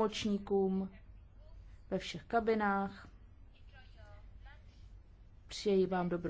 močníkům ve všech kabinách. Přeji vám dobrou